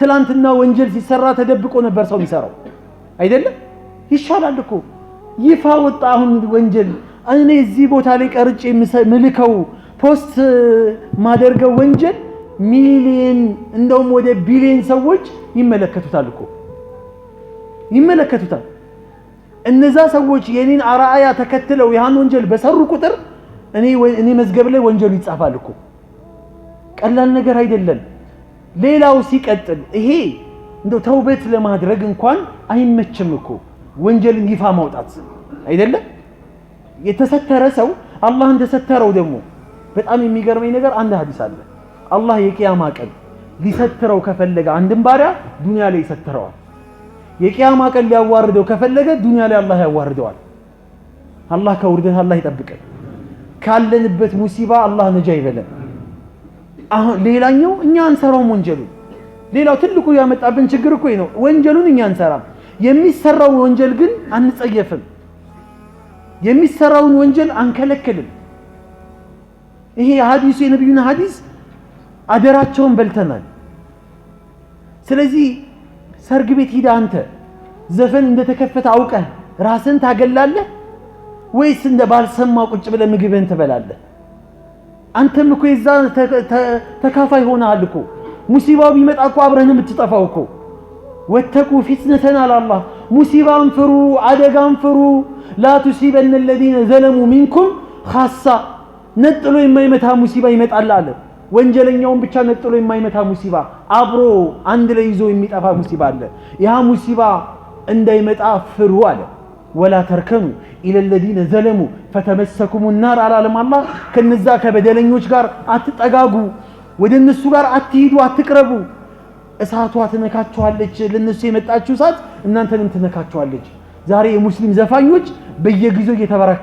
ትላንትና ወንጀል ሲሰራ ተደብቆ ነበር ሰው የሚሰራው አይደለም። ይሻላል እኮ ይፋ ወጣ። አሁን ወንጀል እኔ እዚህ ቦታ ላይ ቀርጬ ምልከው ፖስት ማደርገው ወንጀል ሚሊየን እንደውም ወደ ቢሊየን ሰዎች ይመለከቱታል እኮ ይመለከቱታል። እነዛ ሰዎች የኔን አርአያ ተከትለው ያን ወንጀል በሰሩ ቁጥር እኔ መዝገብ ላይ ወንጀሉ ይጻፋል እኮ። ቀላል ነገር አይደለም። ሌላው ሲቀጥል ይሄ እንደ ተውበት ለማድረግ እንኳን አይመችም እኮ ወንጀልን ይፋ ማውጣት አይደለም። የተሰተረ ሰው አላህ እንደሰተረው ደግሞ በጣም የሚገርመኝ ነገር አንድ ሀዲስ አለ። አላህ የቅያማ ቀን ሊሰትረው ከፈለገ አንድም ባሪያ ዱንያ ላይ ይሰትረዋል። የቅያማ ቀን ሊያዋርደው ከፈለገ ዱንያ ላይ አላህ ያዋርደዋል። አላህ ከውርደት አላህ ይጠብቀን። ካለንበት ሙሲባ አላህ ነጃ ይበለን። አሁን ሌላኛው እኛ አንሰራውም ወንጀሉን። ሌላው ትልቁ ያመጣብን ችግር እኮ ነው። ወንጀሉን እኛ አንሰራም። የሚሰራውን ወንጀል ግን አንጸየፍም። የሚሰራውን ወንጀል አንከለክልም። ይሄ ሀዲሱ የነቢዩን ሀዲስ አደራቸውን በልተናል። ስለዚህ ሰርግ ቤት ሂደህ አንተ ዘፈን እንደተከፈተ አውቀህ ራስን ታገላለህ ወይስ እንደ ባልሰማ ቁጭ ብለህ ምግብህን ትበላለህ? አንተም እኮ የዛ ተካፋይ ሆነሃል እኮ። ሙሲባው ቢመጣ እኮ አብረን የምትጠፋው እኮ። ወተቁ ፊትነተን አለ ሙሲባን ፍሩ፣ አደጋን ፍሩ። ላ ቱሲበነ ለዚነ ዘለሙ ሚንኩም ካሳ። ነጥሎ የማይመታ ሙሲባ ይመጣል አለ። ወንጀለኛውን ብቻ ነጥሎ የማይመታ ሙሲባ፣ አብሮ አንድ ላይ ይዞ የሚጠፋ ሙሲባ አለ። ያ ሙሲባ እንዳይመጣ ፍሩ አለ። ወላ ተርከኑ ኢለለዚነ ዘለሙ ፈተመሰኩም ናር አላለም አላህ። ከነዛ ከበደለኞች ጋር አትጠጋጉ፣ ወደ እነሱ ጋር አትሂዱ፣ አትቅረቡ። እሳቷ ትነካችኋለች። ለእነሱ የመጣችው እሳት እናንተንም ትነካችኋለች። ዛሬ የሙስሊም ዘፋኞች በየጊዜው እየተበራከ